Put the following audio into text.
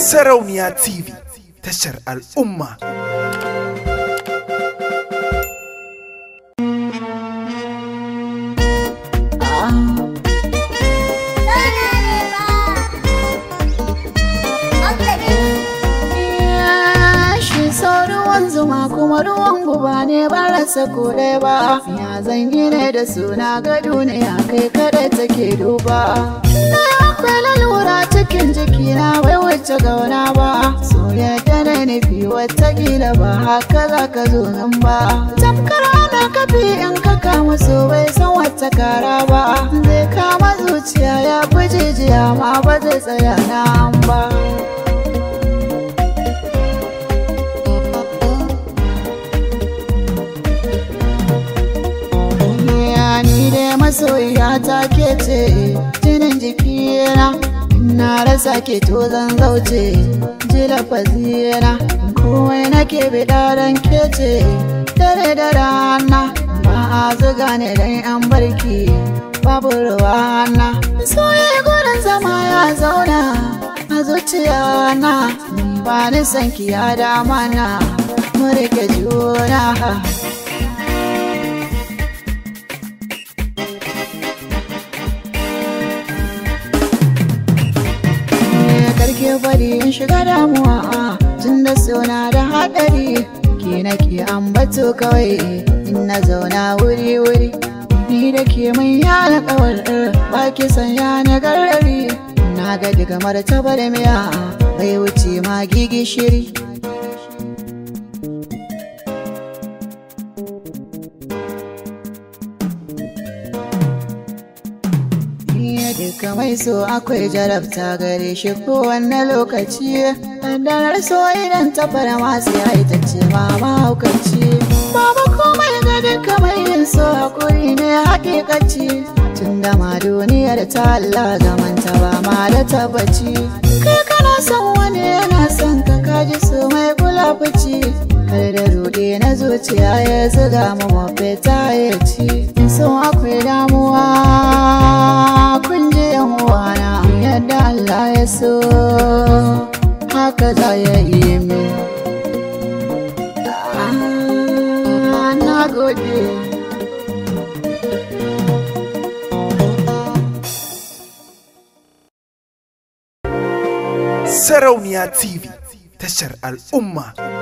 Sarauniya TV tashar al'umma. zuma kuma ruwan guba ne ba rasa ko ɗaya ba ya zangi ne da suna gado duniya kai kada take duba. akwai lalura cikin jikina wai wacce gauna ba soyayya na nufi wata gila ba haka za ka zo nan ba tamkar ana kafi in ka kama so bai san wata kara ba zai kama zuciya ya fi jijiya ma ba zai tsaya na ba Ni dai ke ce jikina na rasa ke to zan zauce fazira lafazina komai nake bidaran kece dare da rana ba a zuga ne dan an barki babu ruwana soye gurin zama ya zauna a zuciya na ba ni san ya dama na mu rike juna ki bari in shiga damuwa tunda suna da haɗari ke nake ambato kawai in na zauna wuri-wuri ni da ke mai yana kawar ba ki sanya na garari na ga daga martaba da miya bai wuce ma gigi shiri Duka mai so akwai jarabta gare shi ko wannan lokaci Dandanar so idan ta fara masu ya ce mama haukaci komai ga duka yin so hakuri ne hakikaci Tun da ma duniyar ta Allah manta ba ma da tabbaci Kai kana son wani yana son ka kaji so mai kula fici Kar da rude na zuciya ya zuga mu mafita ya ci Sun akwai damuwa za ya yi min na gode Sarauniya TV, tashar al'umma.